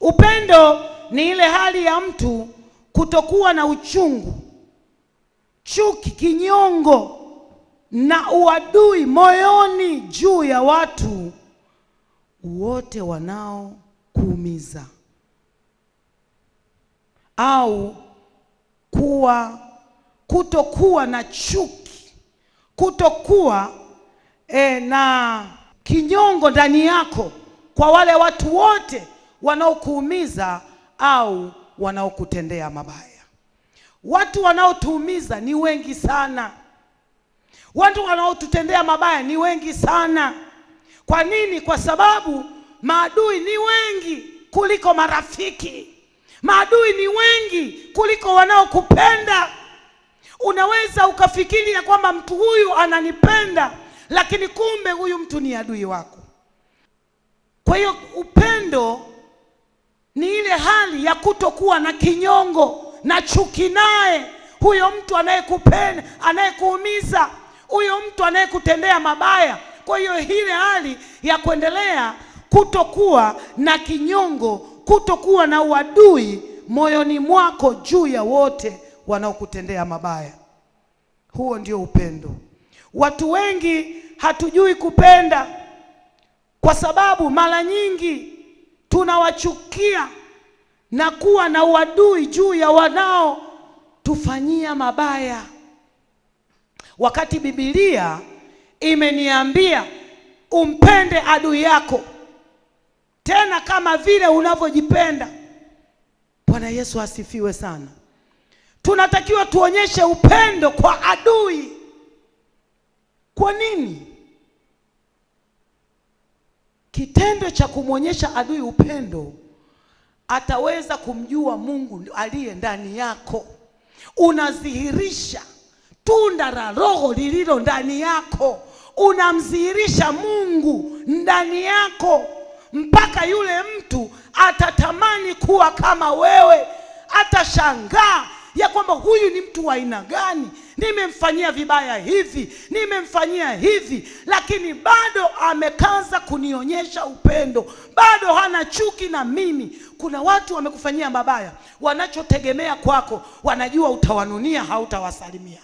Upendo ni ile hali ya mtu kutokuwa na uchungu, chuki, kinyongo na uadui moyoni juu ya watu wote wanaokuumiza au kuwa kutokuwa na chuki, kutokuwa e, na kinyongo ndani yako kwa wale watu wote wanaokuumiza au wanaokutendea mabaya. Watu wanaotuumiza ni wengi sana, watu wanaotutendea mabaya ni wengi sana. Kwa nini? Kwa sababu maadui ni wengi kuliko marafiki, maadui ni wengi kuliko wanaokupenda. Unaweza ukafikiri ya kwamba mtu huyu ananipenda, lakini kumbe huyu mtu ni adui wako. Kwa hiyo upendo ya kutokuwa na kinyongo na chuki naye, huyo mtu anayekupenda, anayekuumiza, huyo mtu anayekutendea mabaya. Kwa hiyo ile hali ya kuendelea kutokuwa na kinyongo, kutokuwa na uadui moyoni mwako juu ya wote wanaokutendea mabaya, huo ndio upendo. Watu wengi hatujui kupenda kwa sababu mara nyingi tunawachukia na kuwa na uadui juu ya wanaotufanyia mabaya, wakati Biblia imeniambia umpende adui yako tena kama vile unavyojipenda. Bwana Yesu asifiwe sana. Tunatakiwa tuonyeshe upendo kwa adui. Kwa nini? Kitendo cha kumwonyesha adui upendo ataweza kumjua Mungu aliye ndani yako. Unadhihirisha tunda la Roho lililo ndani yako, unamdhihirisha Mungu ndani yako, mpaka yule mtu atatamani kuwa kama wewe, atashangaa ya kwamba huyu ni mtu wa aina gani? nimemfanyia vibaya hivi, nimemfanyia hivi, lakini bado amekaza kunionyesha upendo, bado hana chuki na mimi. Kuna watu wamekufanyia mabaya, wanachotegemea kwako, wanajua utawanunia, hautawasalimia.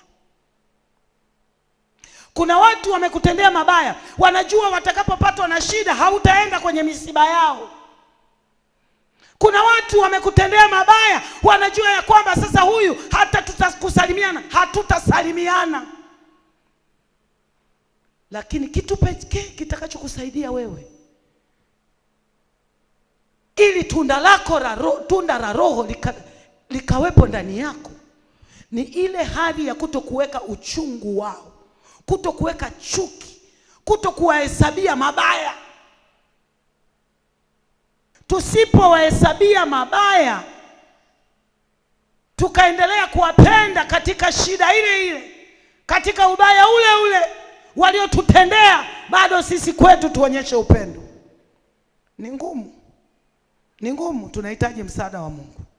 Kuna watu wamekutendea mabaya, wanajua watakapopatwa na shida, hautaenda kwenye misiba yao. Kuna watu wamekutendea mabaya, wanajua ya kwamba sasa huyu hata tutakusalimiana, hatutasalimiana. Lakini kitu pekee kitakachokusaidia wewe ili tunda lako la roho, tunda la Roho lika, likawepo ndani yako ni ile hali ya kutokuweka uchungu wao, kutokuweka chuki, kutokuwahesabia mabaya Tusipowahesabia mabaya tukaendelea kuwapenda katika shida ile ile, katika ubaya ule ule waliotutendea, bado sisi kwetu tuonyeshe upendo. Ni ngumu, ni ngumu. Tunahitaji msaada wa Mungu.